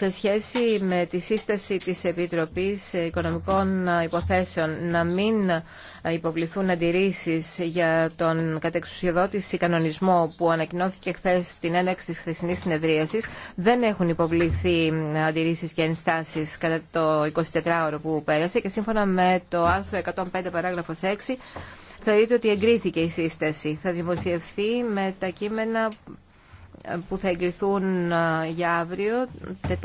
σε σχέση με τη σύσταση της Επιτροπής Οικονομικών Υποθέσεων να μην υποβληθούν αντιρρήσεις για τον κατεξουσιοδότηση κανονισμό που ανακοινώθηκε χθε στην έναξη της χθεσινής συνεδρίασης δεν έχουν υποβληθεί αντιρρήσεις και ενστάσεις κατά το 24ωρο που πέρασε και σύμφωνα με το άρθρο 105 παράγραφος 6 θεωρείται ότι εγκρίθηκε η σύσταση. Θα δημοσιευθεί με τα κείμενα που θα εγκριθούν για αύριο,